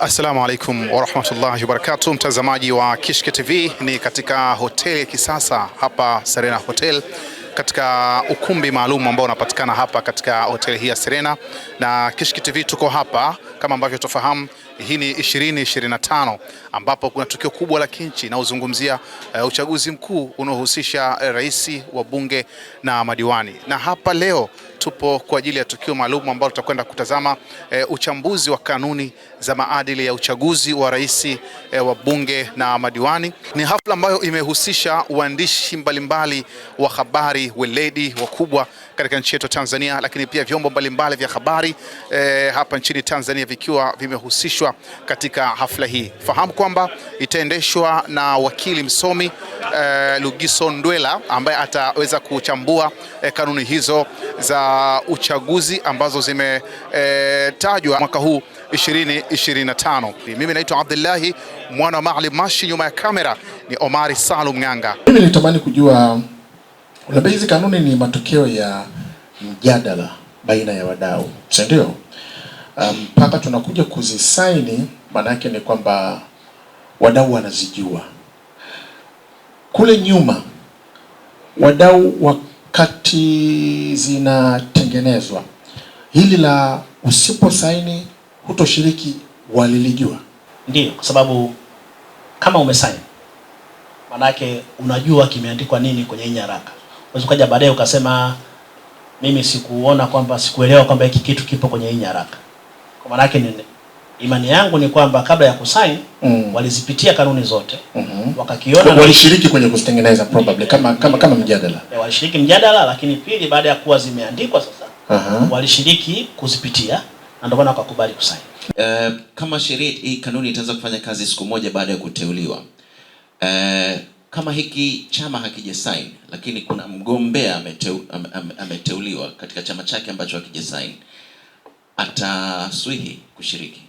Assalamu alaikum warahmatullahi wabarakatuh, mtazamaji wa Kishki TV. Ni katika hoteli ya kisasa hapa Serena Hotel katika ukumbi maalum ambao unapatikana hapa katika hoteli hii ya Serena, na Kishki TV tuko hapa kama ambavyo tufahamu hii ni 2025 ambapo kuna tukio kubwa la kinchi inaozungumzia uh, uchaguzi mkuu unaohusisha uh, rais wa bunge na madiwani, na hapa leo tupo kwa ajili ya tukio maalum ambalo tutakwenda kutazama uh, uchambuzi wa kanuni za maadili ya uchaguzi wa rais uh, wa bunge na madiwani. Ni hafla ambayo imehusisha waandishi mbalimbali wa habari, weledi wakubwa katika nchi yetu Tanzania, lakini pia vyombo mbalimbali vya habari e, hapa nchini Tanzania vikiwa vimehusishwa katika hafla hii. Fahamu kwamba itaendeshwa na wakili msomi e, Lugiso Ndwela ambaye ataweza kuchambua e, kanuni hizo za uchaguzi ambazo zimetajwa e, mwaka huu 2025. Mimi naitwa Abdullahi mwana wa Maalim Mashi, nyuma ya kamera ni Omari Salum Ng'anga. Mimi nilitamani kujua Unaambia hizi kanuni ni matokeo ya mjadala baina ya wadau, si ndio? Mpaka um, tunakuja kuzisaini, maana yake ni kwamba wadau wanazijua. Kule nyuma wadau wakati zinatengenezwa hili la usiposaini hutoshiriki walilijua? ndio kwa sababu kama umesaini maanake unajua kimeandikwa nini kwenye hii nyaraka kaja baadaye ukasema mimi sikuona kwamba sikuelewa kwamba hiki kitu kipo kwenye hii nyaraka. Kwa maana yake ni imani yangu ni kwamba kabla ya kusign mm. walizipitia kanuni zote mm -hmm. wakakiona walishiriki kwenye kutengeneza probably kama kama kama, kama mjadala. E, walishiriki mjadala, lakini pili baada ya kuwa zimeandikwa sasa uh -huh. walishiriki kuzipitia na ndio maana wakakubali kusign. Uh, kama sheria hii kanuni itaanza kufanya kazi siku moja baada ya kuteuliwa. Uh, kama hiki chama hakija sign, lakini kuna mgombea ameteu, am, am, ameteuliwa katika chama chake ambacho hakija sign, ataswihi kushiriki?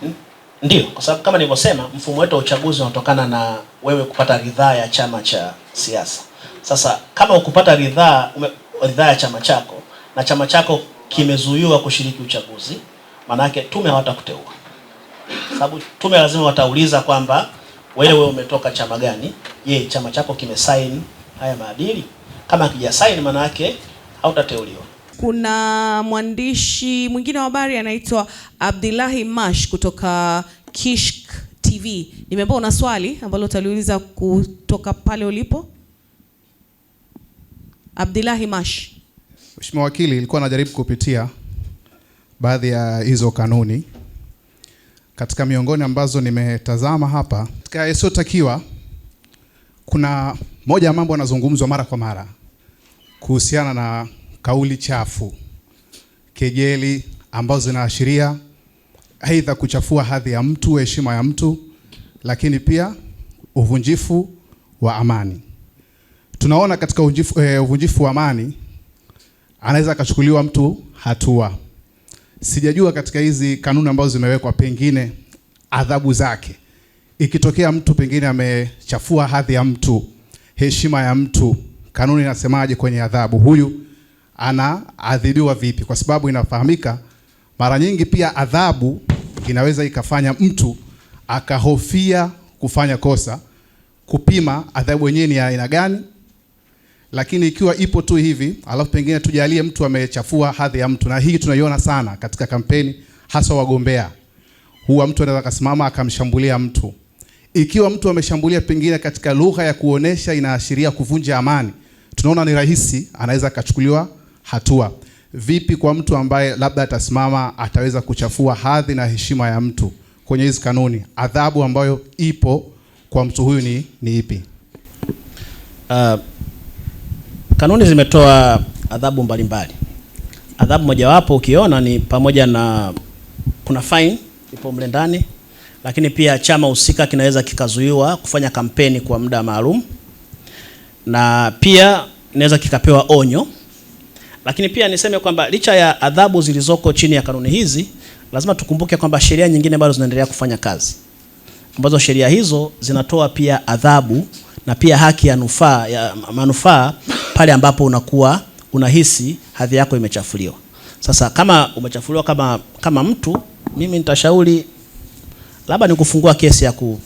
Hmm? Ndio, kwa sababu kama nilivyosema, mfumo wetu wa uchaguzi unatokana na wewe kupata ridhaa ya chama cha siasa. Sasa kama ukupata ridhaa ridhaa ya chama chako na chama chako kimezuiwa kushiriki uchaguzi, maanake tume hawatakuteua, sababu tume lazima watauliza kwamba wewe umetoka chama gani? Je, chama chako kimesaini haya maadili? Kama hakijasaini, maana yake hautateuliwa. Kuna mwandishi mwingine wa habari anaitwa Abdillahi Mash kutoka Kishk TV. Nimeambiwa una swali ambalo utaliuliza kutoka pale ulipo. Abdillahi Mash. Mheshimiwa Wakili, ilikuwa najaribu kupitia baadhi ya hizo kanuni katika miongoni ambazo nimetazama hapa katika Yasiyotakiwa kuna moja ya mambo yanazungumzwa mara kwa mara kuhusiana na kauli chafu, kejeli ambazo zinaashiria aidha kuchafua hadhi ya mtu, heshima ya mtu, lakini pia uvunjifu wa amani. Tunaona katika uvunjifu, eh, uvunjifu wa amani anaweza akachukuliwa mtu hatua. Sijajua katika hizi kanuni ambazo zimewekwa, pengine adhabu zake ikitokea mtu pengine amechafua hadhi ya mtu, heshima ya mtu, kanuni inasemaje kwenye adhabu? Huyu anaadhibiwa vipi? Kwa sababu inafahamika mara nyingi pia adhabu inaweza ikafanya mtu akahofia kufanya kosa, kupima adhabu yenyewe ni aina gani. Lakini ikiwa ipo tu hivi, alafu pengine tujalie mtu amechafua hadhi ya mtu, na hii tunaiona sana katika kampeni, hasa wagombea. Huwa mtu anaweza akasimama akamshambulia mtu ikiwa mtu ameshambulia pengine katika lugha ya kuonesha inaashiria kuvunja amani, tunaona ni rahisi, anaweza akachukuliwa hatua. Vipi kwa mtu ambaye labda atasimama ataweza kuchafua hadhi na heshima ya mtu kwenye hizi kanuni, adhabu ambayo ipo kwa mtu huyu ni, ni ipi? Uh, kanuni zimetoa adhabu mbalimbali. Adhabu mojawapo ukiona ni pamoja na kuna fine ipo mle ndani lakini pia chama husika kinaweza kikazuiwa kufanya kampeni kwa muda maalum, na pia inaweza kikapewa onyo. Lakini pia niseme kwamba licha ya adhabu zilizoko chini ya kanuni hizi, lazima tukumbuke kwamba sheria nyingine bado zinaendelea kufanya kazi, ambazo sheria hizo zinatoa pia adhabu na pia haki ya nufaa, ya manufaa pale ambapo unakuwa unahisi hadhi yako imechafuliwa. Sasa kama umechafuliwa kama, kama mtu, mimi nitashauri labda ni kufungua kesi ya ku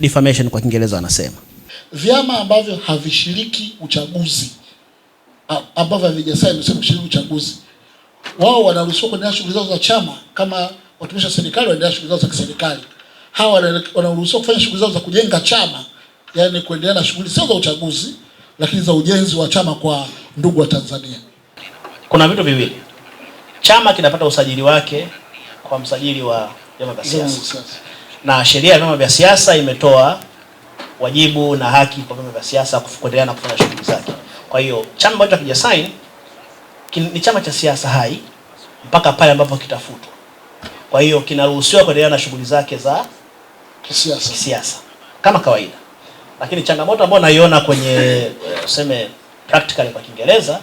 defamation kwa Kiingereza wanasema. Vyama ambavyo havishiriki uchaguzi ambavyo havijasaini sema kushiriki uchaguzi, wao wanaruhusiwa kuendelea shughuli zao za chama. Kama watumishi wa serikali wanaendelea shughuli zao za kiserikali, hawa wanaruhusiwa kufanya shughuli zao za kujenga chama, yani kuendelea na shughuli sio za uchaguzi, lakini za ujenzi wa chama. Kwa ndugu wa Tanzania, kuna vitu viwili, chama kinapata usajili wake kwa msajili wa vyama vya siasa, na sheria ya vyama vya siasa imetoa wajibu na haki kwa vyama vya siasa kuendelea na kufanya shughuli zake. Kwa hiyo chama ambacho hakija sign ni chama cha siasa hai mpaka pale ambapo kitafutwa. Kwa hiyo kinaruhusiwa kuendelea na shughuli zake za kisiasa kisiasa kama kawaida, lakini changamoto ambayo naiona kwenye tuseme eh, practically kwa Kiingereza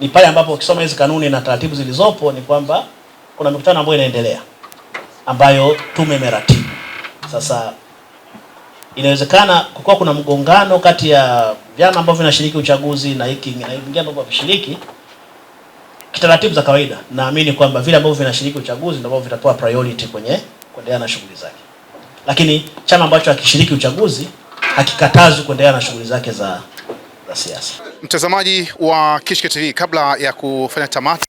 ni pale ambapo ukisoma hizi kanuni na taratibu zilizopo ni kwamba kuna mikutano ambayo inaendelea ambayo tume meratibu Sasa inawezekana kukiwa kuna mgongano kati ya vyama ambavyo vinashiriki uchaguzi na hiki na vingine ambavyo havishiriki kitaratibu za kawaida, naamini kwamba vile ambavyo vinashiriki uchaguzi ndio ambavyo vitapewa priority kwenye kuendelea na shughuli zake, lakini chama ambacho hakishiriki uchaguzi hakikatazwi kuendelea na shughuli zake za, za siasa. Mtazamaji wa Kishki TV, kabla ya kufanya tamati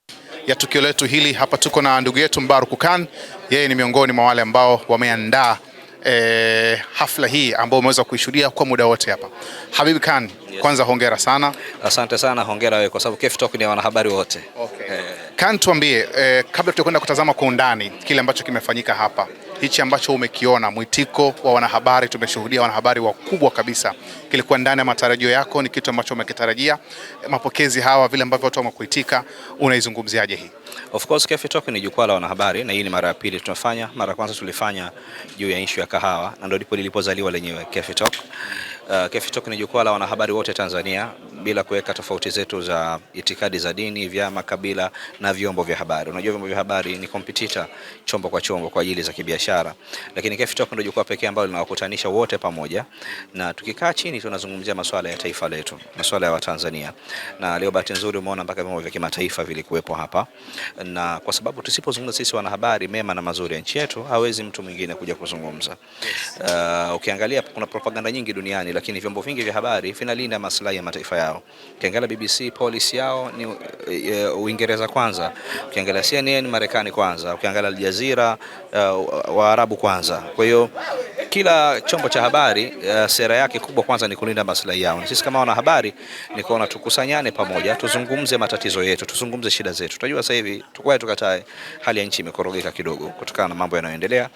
ya tukio letu hili. Hapa tuko na ndugu yetu Mbaruku Khan, yeye ni miongoni mwa wale ambao wameandaa E, hafla hii ambayo umeweza kuishuhudia kwa muda wote hapa. Habib Khan, yes. Kwanza hongera sana. Asante sana, hongera wewe kwa sababu Kef Talk ni wanahabari wote. Okay. Eh. Khan, tuambie e, kabla tutakwenda kutazama kwa undani kile ambacho kimefanyika hapa hichi ambacho umekiona, mwitiko wa wanahabari, tumeshuhudia wanahabari wakubwa kabisa, kilikuwa ndani ya matarajio yako? Ni kitu ambacho umekitarajia? Mapokezi hawa, vile ambavyo watu wamekuitika, unaizungumziaje hii? Of course Cafe Talk ni jukwaa la wanahabari na hii ni mara ya pili tunafanya. Mara ya kwanza tulifanya juu ya issue ya kahawa na ndio ndipo lilipozaliwa lenyewe Cafe Talk. Uh, Cafe Talk ni jukwaa la wanahabari wote Tanzania bila kuweka tofauti zetu za itikadi za dini, vyama, kabila na vyombo vya habari. Unajua vyombo vya habari ni kompetita chombo kwa chombo kwa ajili za kibiashara, lakini Cafe Talk ndio jukwaa pekee ambalo linawakutanisha wote pamoja, na tukikaa chini tunazungumzia masuala ya taifa letu, masuala ya Watanzania, na leo bahati nzuri umeona mpaka vyombo vya kimataifa vilikuwepo hapa, na kwa sababu tusipozungumza sisi wanahabari mema na mazuri ya nchi yetu, hawezi mtu mwingine kuja kuzungumza. Uh, ukiangalia kuna propaganda nyingi duniani lakini vyombo vingi vya habari vinalinda maslahi ya mataifa yao. Ukiangalia BBC polisi yao ni e, Uingereza kwanza, ukiangalia CNN Marekani kwanza, ukiangalia Al Jazeera uh, e, Waarabu kwanza. Kwa hiyo kila chombo cha habari uh, sera yake kubwa kwanza ni kulinda maslahi yao. Sisi kama wanahabari nikaona tukusanyane pamoja, tuzungumze matatizo yetu, tuzungumze shida zetu. Tunajua sasa hivi tukwaye tukatae, hali ya nchi imekorogeka kidogo kutokana na mambo yanayoendelea,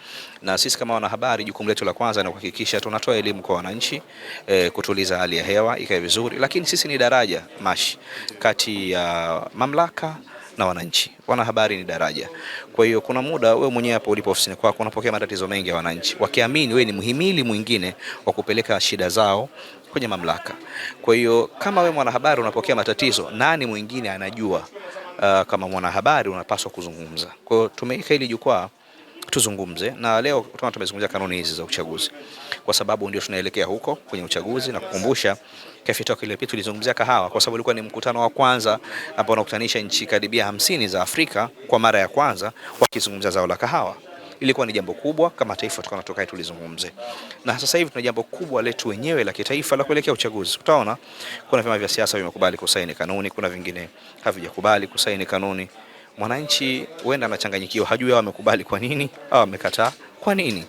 na sisi kama wanahabari jukumu letu la kwanza ni kuhakikisha tunatoa elimu kwa wananchi eh, kutuliza hali ya hewa ikae vizuri, lakini sisi ni daraja mashi kati ya uh, mamlaka na wananchi. Wanahabari ni daraja. Kwa hiyo kuna muda wewe mwenyewe hapo ulipo ofisini kwako unapokea matatizo mengi ya wananchi, wakiamini wewe ni mhimili mwingine wa kupeleka shida zao kwenye mamlaka. Kwa hiyo kama wewe mwanahabari unapokea matatizo, nani mwingine anajua? Uh, kama mwanahabari unapaswa kuzungumza. Kwa hiyo tumeika hili jukwaa tuzungumze na leo tumezungumzia kanuni hizi za uchaguzi, kwa sababu ndio tunaelekea huko kwenye uchaguzi na kukumbusha Cafe Talk iliyopita tulizungumzia kahawa kwa sababu ilikuwa ni mkutano wa kwanza ambao unakutanisha nchi karibia hamsini za Afrika kwa mara ya kwanza wakizungumza zao la kahawa. Ilikuwa ni jambo kubwa kama taifa tukaona tukae tulizungumze, na sasa hivi tuna jambo kubwa letu wenyewe la kitaifa la kuelekea uchaguzi. Utaona kuna vyama vya siasa vimekubali kusaini kanuni, kuna vingine havijakubali kusaini kanuni. Mwananchi huenda anachanganyikiwa, hajui hao wamekubali kwa nini au wamekataa. Kwa nini?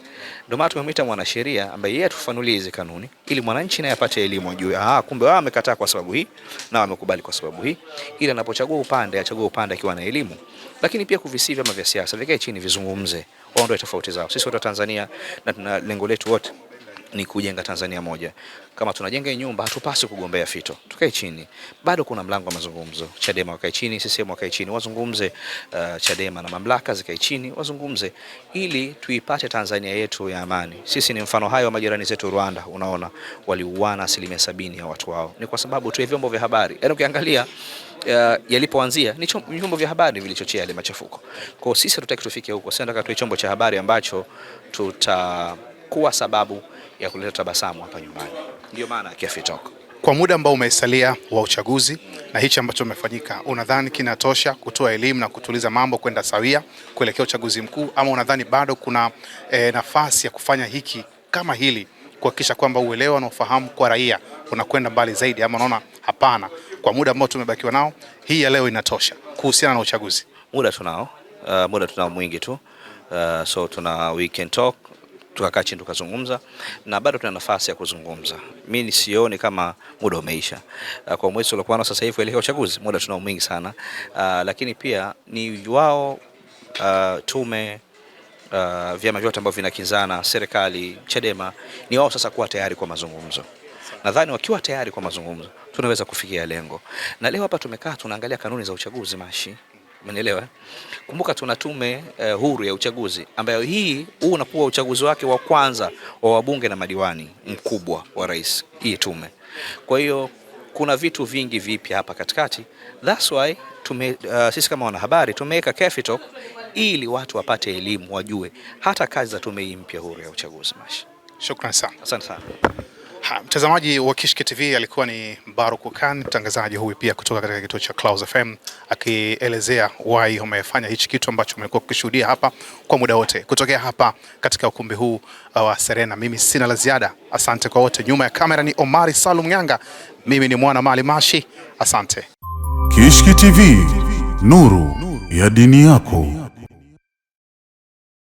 Ndio maana tumemwita mwanasheria ambaye yeye atufanulie hizi kanuni ili mwananchi naye apate elimu ajue, ah, kumbe wao wamekataa kwa sababu hii na wamekubali kwa sababu hii, ili anapochagua upande achague upande akiwa na elimu. Lakini pia kuvisii vyama vya siasa vikae chini, vizungumze, waondoe tofauti zao. Sisi wote wa Tanzania na tuna lengo letu wote ni kujenga Tanzania moja. Kama tunajenga hii nyumba, hatupaswi kugombea fito, tukae chini. Bado kuna mlango wa mazungumzo. Chadema wakae chini, sisi CCM wakae chini, wazungumze. Uh, Chadema na mamlaka zikae chini, wazungumze ili tuipate Tanzania yetu ya amani. Sisi ni mfano hayo wa majirani zetu Rwanda, unaona waliuana asilimia sabini ya watu wao ni kwa sababu tu vyombo vya habari. Yaani ukiangalia Uh, yalipoanzia ni vyombo vya habari vilichochea yale machafuko. Kwa hiyo sisi hatutaki tufike huko, sisi tunataka tuwe chombo cha habari ambacho tutakuwa sababu ya kuleta tabasamu hapa nyumbani. Ndio maana ya Cafe Talk. Kwa muda ambao umesalia wa uchaguzi na hichi ambacho umefanyika, unadhani kinatosha kutoa elimu na kutuliza mambo kwenda sawia kuelekea uchaguzi mkuu, ama unadhani bado kuna e, nafasi ya kufanya hiki kama hili kuhakikisha kwamba uelewa na ufahamu kwa raia unakwenda mbali zaidi, ama unaona hapana, kwa muda ambao tumebakiwa nao hii ya leo inatosha kuhusiana na uchaguzi? Muda tunao, uh, muda tunao mwingi tu, uh, so tuna we can talk tukakaa chini tukazungumza, na bado tuna nafasi ya kuzungumza. Mimi sioni kama muda umeisha ah, kwa mwezi uliokuwa nao sasa hivi kuelekea uchaguzi, muda tunao mwingi sana. Uh, lakini pia ni wao uh, tume uh, vyama vyote ambavyo vinakinzana, serikali, Chadema, ni wao sasa kuwa tayari kwa mazungumzo. Nadhani wakiwa tayari kwa mazungumzo tunaweza kufikia lengo, na leo hapa tumekaa tunaangalia kanuni za uchaguzi mashi Umenielewa? Kumbuka tuna tume uh, huru ya uchaguzi ambayo hii huu unakuwa uchaguzi wake wa kwanza wa wabunge na madiwani mkubwa wa rais hii tume. Kwa hiyo kuna vitu vingi vipya hapa katikati. That's why tume, uh, sisi kama wanahabari tumeweka Cafe ili watu wapate elimu, wajue hata kazi za tume hii mpya huru ya uchaguzi. Mashi, shukran sana, asante sana mtazamaji wa Kishki TV alikuwa ni Mbaruk Khan, mtangazaji huyu pia kutoka katika kituo cha Clouds FM akielezea why wamefanya hichi kitu ambacho umekuwa kukishuhudia hapa kwa muda wote kutokea hapa katika ukumbi huu uh, wa Serena. Mimi sina la ziada, asante kwa wote. Nyuma ya kamera ni Omari Salum Nyanga, mimi ni mwana Mali Mashi, asante. Kishki TV, nuru ya dini yako.